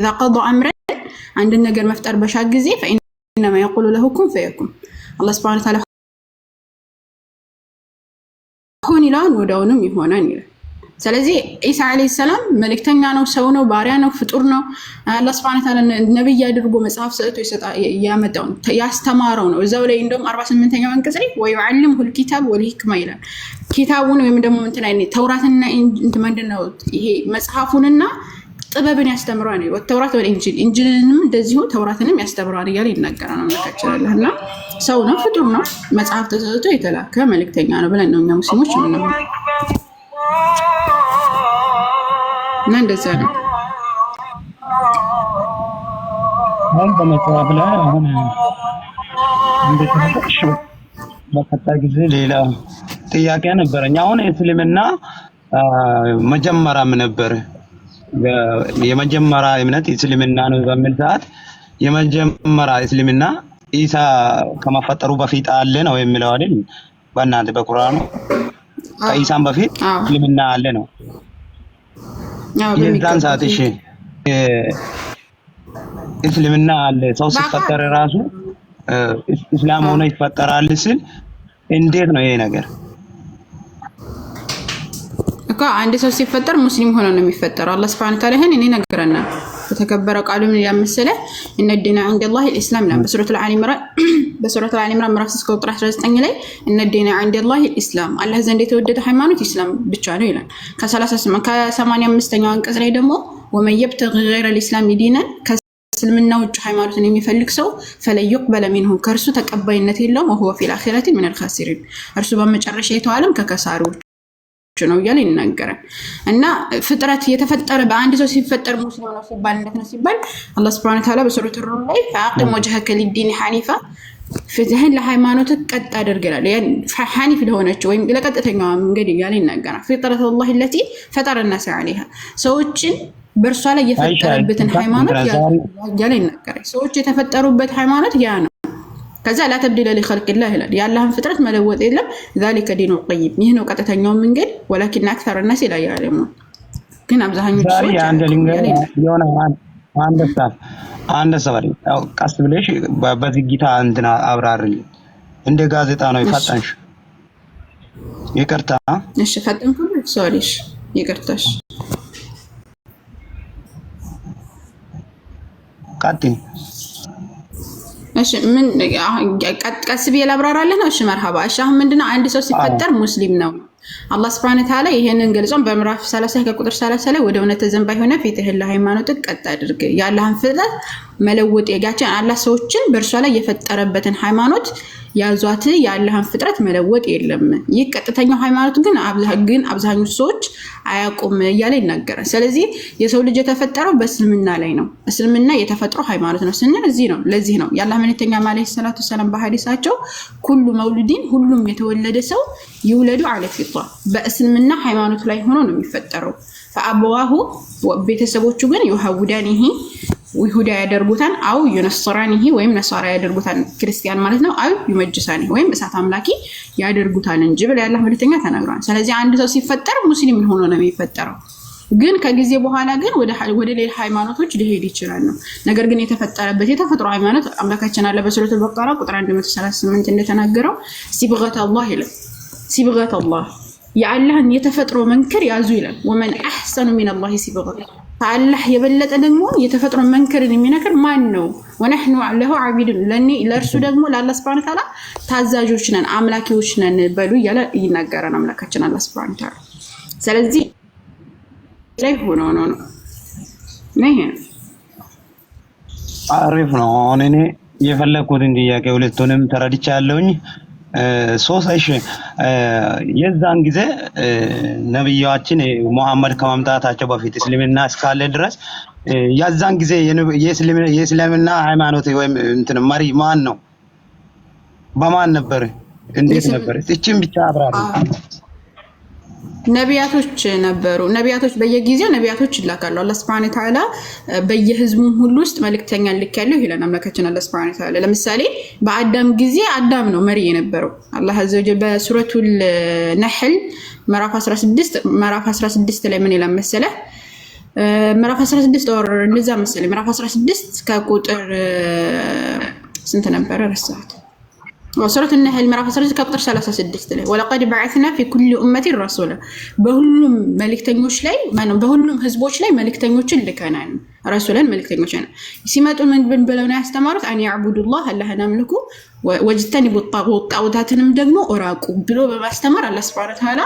ኢዛ ቀዷ አምረን አንድን ነገር መፍጠር በሻ ጊዜ ፈኢነማ የቁሉ ለሁ ኩን ፈየኩን። አላህ ሱብሓነሁ ወተዓላ ሁን ይለዋል፣ ወዲያውኑም ይላል። ስለዚህ ዒሳ ዓለይሂ ሰላም መልእክተኛ ነው፣ ሰው ነው፣ ባሪያ ነው፣ ፍጡር ነው። አላህ ሱብሓነሁ ወተዓላ ነብይ አድርጎ መጽሐፍ ሰጥቶ ያመጣው ነው፣ ያስተማረው ነው። እዛው ላይ እንደውም 48ኛው አንቀጽ ላይ ወይ ዩዓልሙሁል ኪታብ ወልሂክማ ይላል። ኪታቡን ወይም ደግሞ እንትና ተውራትና ምንድን ነው ይሄ መጽሐፉንና ጥበብን ያስተምረን ተውራት ወደ ኢንጂል ኢንጂልንም እንደዚሁ ተውራትንም ያስተምረን እያለ ይናገራል። አምላካችንለህ እና ሰው ነው ፍጡር ነው መጽሐፍ ተሰጥቶ የተላከ መልእክተኛ ነው ብለን ነው እኛ ሙስሊሞች ምንነ እና እንደዚያ ነው። አሁን በመጽሐፍ ላይ አሁን እንደተመጠቅሽ በቀጣይ ጊዜ ሌላ ጥያቄ ነበረኝ። አሁን እስልምና መጀመሪያም ነበር የመጀመሪያ እምነት እስልምና ነው በሚል ሰዓት የመጀመሪያ እስልምና ኢሳ ከመፈጠሩ በፊት አለ ነው የሚለው አይደል? በእናንተ በቁርአኑ ከኢሳም በፊት እስልምና አለ ነው። የዛን ሰዓት እሺ እስልምና አለ ሰው ሲፈጠር ራሱ እስላም ሆኖ ይፈጠራል ስል እንዴት ነው ይሄ ነገር? እኮ አንድ ሰው ሲፈጠር ሙስሊም ሆኖ ነው የሚፈጠረው። አላህ ሱብሓነሁ ወተዓላ ይህን እኔ ነግረናል። በተከበረ ቃሉ ምን ይላል መሰለህ? ኢነ ዲነ ዐንደላሂ ልኢስላም ይላል በሱረቱል አሊ ኢምራን በሱረቱል ምዕራፍ 3 ቁጥር 19 ላይ ኢነ ዲነ ዐንደላሂ ልኢስላም አላህ ዘንድ የተወደደ ሃይማኖት ኢስላም ብቻ ነው ይላል። 85 አንቀጽ ላይ ደግሞ ወመን የብተጊ ገይረል ኢስላሚ ዲነን ከእስልምና ውጭ ሃይማኖትን የሚፈልግ ሰው ፈለን ዩቅበለ ሚንሁ ከእርሱ ተቀባይነት የለውም። ወሁወ ፊል አኺረቲ ሚነል ኻሲሪን እርሱ በመጨረሻ የተዋለም ከከሳሪዎች ነው እያለ ይናገራል። እና ፍጥረት የተፈጠረ በአንድ ሰው ሲፈጠር ሙስሊም ነው ሲባል እንዴት ነው ሲባል አላህ ስብሐነ ተዓላ በሱረት ሩም ላይ አቂም ወጅሀከ ሊዲን ሐኒፋ ፍትህን ለሃይማኖት ቀጥ አድርግ ይላል። ሐኒፍ ለሆነችው ወይም ለቀጥተኛዋ መንገድ እያለ ይናገራል። ፊጥረት ላ ለቲ ፈጠረ ናስ ዐለይሃ ሰዎችን በእርሷ ላይ የፈጠረበትን ሃይማኖት እያለ ይናገራል። ሰዎች የተፈጠሩበት ሃይማኖት ያ ነው። ከዛ ላተብዲለ ሊኸልቅላ ይላል። የአላህን ፍጥረት መለወጥ የለም። ዛሊከ ዲኑ ቀይም፣ ይህ ነው ቀጥተኛው መንገድ። ወላኪን አክሰር ናስ ላ ያዕለሙን፣ ግን አብዛኞቹ አንድ ሰባሪ ቀስ ብለሽ በዝግታ እንትና አብራሪ እንደ ጋዜጣ ነው የፈጠንሽ። ይቅርታ እሺ፣ ፈጠንኩ ሶሪሽ፣ ይቅርታሽ ቀጥይ ቀስ ብዬ ላብራራለህ ነው። እሺ መርሃባ። እሺ አሁን ምንድነው አንድ ሰው ሲፈጠር ሙስሊም ነው። አላህ ስብሐነ ተዓላ ይህንን ገልጾም በምዕራፍ 30 ከቁጥር 30 ላይ ወደ እውነት ተዘንባ የሆነ ፊትህን ለሃይማኖት ቀጥ አድርግ ያለህን ፍጥረት መለወጥ የጋችን አላህ ሰዎችን በእርሷ ላይ የፈጠረበትን ሃይማኖት ያዟት የአላህን ፍጥረት መለወጥ የለም። ይህ ቀጥተኛው ሃይማኖት ግን ግን አብዛኞቹ ሰዎች አያውቁም እያለ ይናገራል። ስለዚህ የሰው ልጅ የተፈጠረው በእስልምና ላይ ነው። እስልምና የተፈጥሮ ሃይማኖት ነው ስንል እዚህ ነው። ለዚህ ነው የአላህ መልእክተኛ ዓለይሂ ሰላቱ ወሰላም በሐዲሳቸው ኩሉ መውሉዲን ሁሉም የተወለደ ሰው ይውለዱ አለ ፊጥራ በእስልምና ሃይማኖት ላይ ሆኖ ነው የሚፈጠረው። ፈአበዋሁ ቤተሰቦቹ ግን ይውሃውዳን ይሄ ይሁዳ ያደርጉታል፣ አው ዩነስራኒሂ ወይም ነሳራ ያደርጉታል ክርስቲያን ማለት ነው። አው ዩመጅሳኒ ወይም እሳት አምላኪ ያደርጉታል እንጂ ብላ ያለ መልእክተኛ ተናግሯል። ስለዚህ አንድ ሰው ሲፈጠር ሙስሊም ሆኖ ነው የሚፈጠረው። ግን ከጊዜ በኋላ ግን ወደ ሌላ ሃይማኖቶች ሊሄድ ይችላል ነው። ነገር ግን የተፈጠረበት የተፈጥሮ ሃይማኖት አምላካችን አለ በሱረቱል በቀራ ቁጥር 138 እንደተናገረው ሲብገት አላህ ይላል። ሲብገት አላህ የአላህን የተፈጥሮ መንክር ያዙ ይላል። ወመን አሕሰኑ ሚን አላህ ሲብገት ከአላህ የበለጠ ደግሞ የተፈጥሮ መንከርን የሚነክር ማን ነው? ወነሕኑ ለሁ ዓቢዱን ለእርሱ ደግሞ ለአላህ ስብሃነ ተዓላ ታዛዦች ነን አምላኪዎች ነን በሉ እያለ ይናገረን አምላካችን አላህ ስብሃነ ተዓላ። ስለዚህ ላይ ሆኖ ነው ነው አሪፍ ነው። አሁን እኔ የፈለግኩትን ጥያቄ ሁለቱንም ተረድቻለሁኝ። የዛን ጊዜ ነቢያችን ሙሐመድ ከመምጣታቸው በፊት እስልምና እስካለ ድረስ የዛን ጊዜ የእስልምና ሃይማኖት ወይም እንትን መሪ ማን ነው? በማን ነበር? እንዴት ነበር? እችን ብቻ አብራሩ። ነቢያቶች ነበሩ። ነቢያቶች በየጊዜው ነቢያቶች ይላካሉ። አላህ ስብሐነ ተዓላ በየህዝቡ ሁሉ ውስጥ መልክተኛ ልክ ያለው ይላል አምላካችን አላህ ስብሐነ ተዓላ። ለምሳሌ በአዳም ጊዜ አዳም ነው መሪ የነበረው። አላህ አዘወጀል በሱረቱል ነሕል ምዕራፍ 16 ምዕራፍ 16 ላይ ምን ይላል መሰለህ? ምዕራፍ 16 ወር እንደዛ መሰለህ። ምዕራፍ 16 ከቁጥር ስንት ነበረ? ረሳሁት وسورة النهل مرافق سورة كبتر سلسة سدست ولقد بعثنا في كل أمة رسولة بهلهم ملك تنوش لي ما بهلهم هزبوش لي ملك تنوش اللي كان ረሱለን መልክተኞች ነ ሲመጡ ምን ብለው ነው ያስተማሩት? አን ያዕቡዱላህ አላህን አምልኩ፣ ወጅተኒቡ ጣጉት ጣዖታትንም ደግሞ እራቁ ብሎ በማስተማር አላህ ሱብሃነሁ ወተዓላ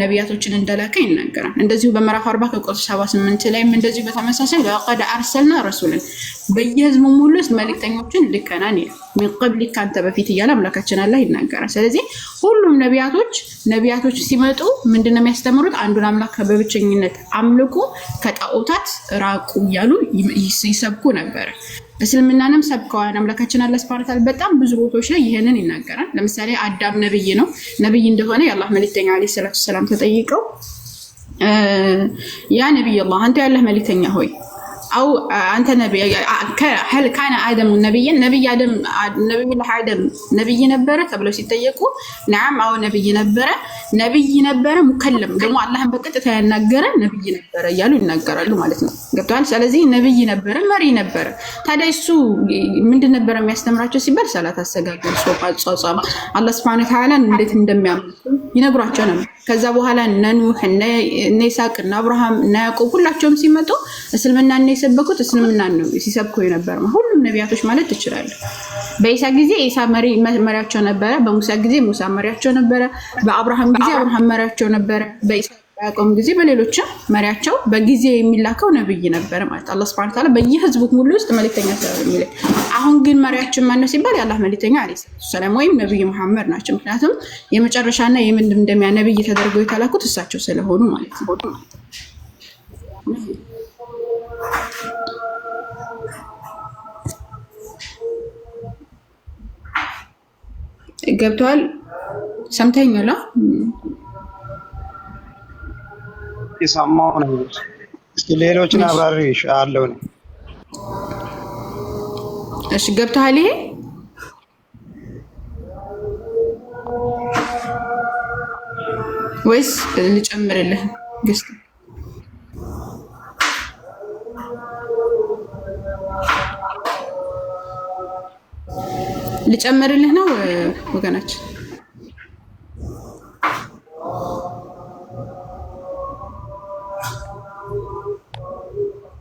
ነቢያቶችን እንደላከ ይናገራል። እንደዚሁ በምዕራፍ 40 ከቁጥር ስምንት ላይም እንደዚሁ በተመሳሳይ ለቀድ አርሰልና ረሱልን በየህዝቡ ሙሉ ውስጥ መልክተኞችን ልከናን ይላል። ሚን ቀብል ካንተ በፊት እያለ አምላካችን አላህ ይናገራል። ስለዚህ ሁሉም ነቢያቶች ነቢያቶች ሲመጡ ምንድነው የሚያስተምሩት? አንዱን አምላክ በብቸኝነት አምልኩ፣ ከጣዖታት ራቁ እያሉ ይሰብኩ ነበረ። እስልምናንም ሰብከዋል። አምላካችን አላህ ሱብሃነሁ ወተዓላ በጣም ብዙ ቦታዎች ላይ ይህንን ይናገራል። ለምሳሌ አዳም ነብይ ነው። ነብይ እንደሆነ የአላህ መልክተኛ ዓለይሂ ሰላቱ ወሰላም ተጠይቀው ያ ነቢይ አላህ አንተ ያለህ መልክተኛ ሆይ አው አንተ ነብይ ካነ አደም ነብይን ነብይ አደም ነብይ ለአደም ነብይ ነበረ ተብለው ሲጠየቁ ነዓም አው ነብይ ነበረ ነብይ ነበረ ሙከለም ደግሞ አላህን በቀጥታ ያናገረ ነብይ ነበረ እያሉ ይናገራሉ ማለት ነው። ገብቷል። ስለዚህ ነብይ ነበረ መሪ ነበረ። ታዲያ እሱ ምንድን ነበረ የሚያስተምራቸው ሲባል ሰላት አሰጋገር፣ ሶፋ፣ ጾጾም አላህ Subhanahu Wa እንዴት እንደሚያምኑ ይነግሯቸው ነበር። ከዛ በኋላ እነ ኑህ እነ ኢሳቅ እነ አብርሃም እነ ያዕቆብ ሁላቸውም ሲመጡ እስልምና የሰበኩት እስልምናን ነው ሲሰብኩ የነበረ ሁሉም ነቢያቶች ማለት ትችላለ። በኢሳ ጊዜ ኢሳ መሪያቸው ነበረ። በሙሳ ጊዜ ሙሳ መሪያቸው ነበረ። በአብርሃም ጊዜ አብርሃም መሪያቸው ነበረ። በኢሳ ያቆም ጊዜ በሌሎችም መሪያቸው በጊዜ የሚላከው ነብይ ነበረ ማለት አላህ ሱብሃነሁ ወተዓላ በየህዝቡ ሙሉ ውስጥ መልክተኛ መልእክተኛ ስለሚል አሁን ግን መሪያችን ማነው ሲባል የአላህ መልክተኛ አለይሂ ሰላም ወይም ነብይ መሐመድ ናቸው። ምክንያቱም የመጨረሻና የመደምደሚያ ነብይ ተደርገው የተላኩት እሳቸው ስለሆኑ ማለት ነው። ገብተዋል። ሰምተኛል? የሰማሁ ነው። ሌሎችን አብራሪ አለው እሺ ገብተሃል? ይሄ ወይስ ልጨምርልህ ግስት ልጨምርልህ ነው ወገናችን።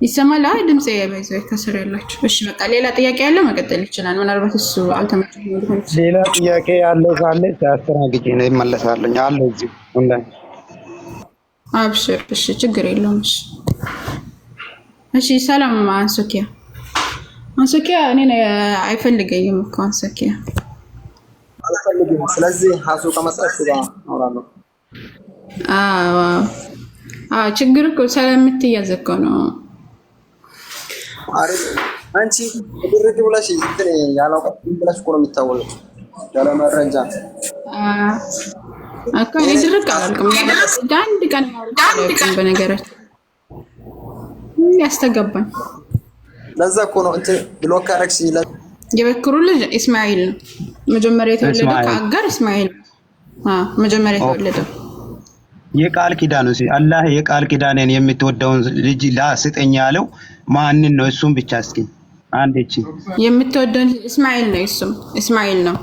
ይሰማል? አይ ድምፅ ያይዘ ከስር ያላችሁ። እሺ በቃ ሌላ ጥያቄ ያለ መቀጠል ይችላል። ምናልባት እሱ አልተመቸ። ሌላ ጥያቄ ያለው ካለ አስተናግጄ ነው እመለሳለሁ። አለ እዚሁ አብሽር። እሺ ችግር የለውም። እሺ እሺ። ሰላም አንሶኪያ አንሶኪያ እኔ አይፈልገኝም እኮ አንሶኪያ አልፈልግም። ስለዚህ ሀሶ ከመጣሽ ጋር አውራለሁ። ችግር እኮ ስለምትያዝ እኮ ነው። አንቺ ድርግ ብለሽ ብለሽ እኮ ነው ያለ መረጃ እኮ እኔ ድርቅ አላልኩም። አንድ ቀን በነገራችን ያስተገባኝ ለዛ እኮ ነው እንትን ብሎክ ካረግሽ። የበክሩ ልጅ ኢስማኤል ነው መጀመሪያ የተወለደ፣ ከአጋር ኢስማኤል መጀመሪያ የተወለደ የቃል ኪዳኑ አላህ የቃል ኪዳንን የምትወደውን ልጅ ላስጠኝ ያለው ማንን ነው? እሱም ብቻ እስኪ አንድ አንዴች የምትወደውን እስማኤል ነው። እሱም እስማኤል ነው።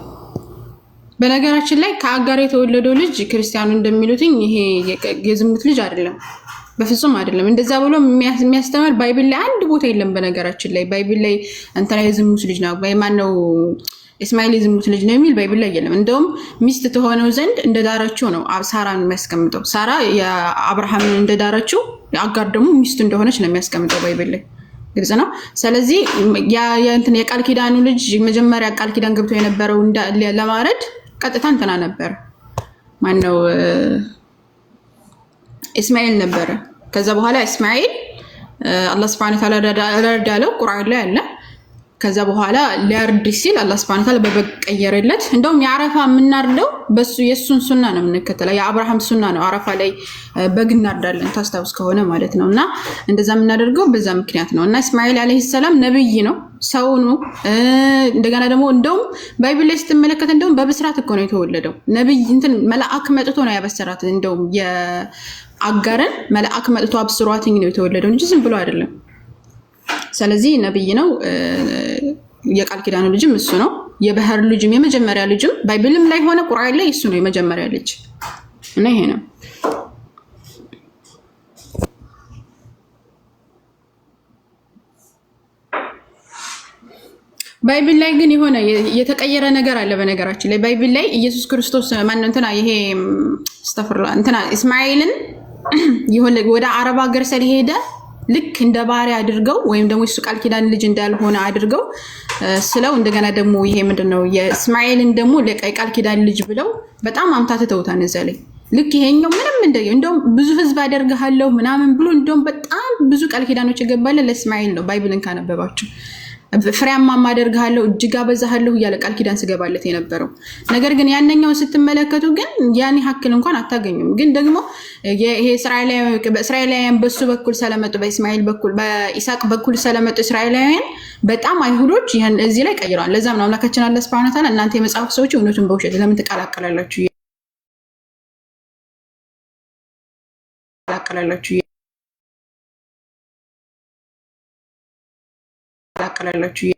በነገራችን ላይ ከአጋር የተወለደው ልጅ ክርስቲያኑ እንደሚሉትኝ ይሄ የዝሙት ልጅ አይደለም። በፍጹም አይደለም። እንደዛ ብሎ የሚያስተምር ባይብል ላይ አንድ ቦታ የለም። በነገራችን ላይ ባይብል ላይ እንትና የዝሙት ልጅ ነው ማነው እስማኤል የዝሙት ልጅ ነው የሚል ባይብል ላይ የለም። እንደውም ሚስት ተሆነው ዘንድ እንደዳረችው ነው ሳራን የሚያስቀምጠው። ሳራ የአብርሃምን እንደዳረችው አጋር ደግሞ ሚስቱ እንደሆነች ነው የሚያስቀምጠው ባይብል ላይ ግልጽ ነው። ስለዚህ የቃል ኪዳኑ ልጅ መጀመሪያ ቃል ኪዳን ገብቶ የነበረው ለማረድ ቀጥታ እንትና ነበር ማነው ኢስማኤል ነበረ። ከዛ በኋላ ኢስማኤል አላህ ስብሐነ ተዓላ ረዳ አለው ቁርአን ላይ አለ ከዛ በኋላ ሊያርድ ሲል አላህ ሱብሃነሁ ወተዓላ በበግ ቀየረለት። እንደውም የአረፋ የምናርደው በሱ የሱን ሱና ነው የምንከተለው፣ የአብርሃም ሱና ነው። አረፋ ላይ በግ እናርዳለን ታስታውስ ከሆነ ማለት ነው። እና እንደዛ የምናደርገው በዛ ምክንያት ነው። እና እስማኤል ዓለይሂ ሰላም ነብይ ነው፣ ሰው ነው። እንደገና ደግሞ እንደውም ባይብል ላይ ስትመለከት እንደውም በብስራት እኮ ነው የተወለደው። ነብይ እንትን መልአክ መጥቶ ነው ያበሰራት። እንደውም የአጋርን መልአክ መጥቶ አብስሯትኝ ነው የተወለደው እንጂ ዝም ብሎ አይደለም። ስለዚህ ነብይ ነው። የቃል ኪዳኑ ልጅም እሱ ነው። የባህር ልጅም የመጀመሪያ ልጅም ባይብልም ላይ ሆነ ቁርአን ላይ እሱ ነው የመጀመሪያ ልጅ እና ይሄ ነው። ባይብል ላይ ግን የሆነ የተቀየረ ነገር አለ። በነገራችን ላይ ባይብል ላይ ኢየሱስ ክርስቶስ ማነው እንትና ይሄ ስተፍር እንትና እስማኤልን የሆነ ወደ አረብ ሀገር ስለሄደ ልክ እንደ ባሪያ አድርገው ወይም ደግሞ የሱ ቃል ኪዳን ልጅ እንዳልሆነ አድርገው ስለው እንደገና ደግሞ ይሄ ምንድን ነው የእስማኤልን ደግሞ ቃል ኪዳን ልጅ ብለው በጣም አምታትተውታል እዚያ ላይ ልክ ይሄኛው ምንም እንደ እንደውም ብዙ ህዝብ አደርግሃለሁ ምናምን ብሎ እንደውም በጣም ብዙ ቃል ኪዳኖች የገባለ ለእስማኤል ነው ባይብልን ካነበባቸው ፍሬያማ ማደርግሃለሁ እጅግ አበዛሃለሁ እያለ ቃል ኪዳን ስገባለት የነበረው ነገር ግን ያነኛውን ስትመለከቱ ግን ያን ያክል እንኳን አታገኙም። ግን ደግሞ እስራኤላውያን በሱ በኩል ስለመጡ በእስማኤል በኩል በኢሳቅ በኩል ስለመጡ እስራኤላውያን በጣም አይሁዶች ይህን እዚህ ላይ ቀይረዋል። ለዛም ነው አምላካችን አለ ስብሐ ወተዓላ እናንተ የመጽሐፍ ሰዎች እውነቱን በውሸት ለምን ትቀላቀላላችሁ? ታቀላላችሁ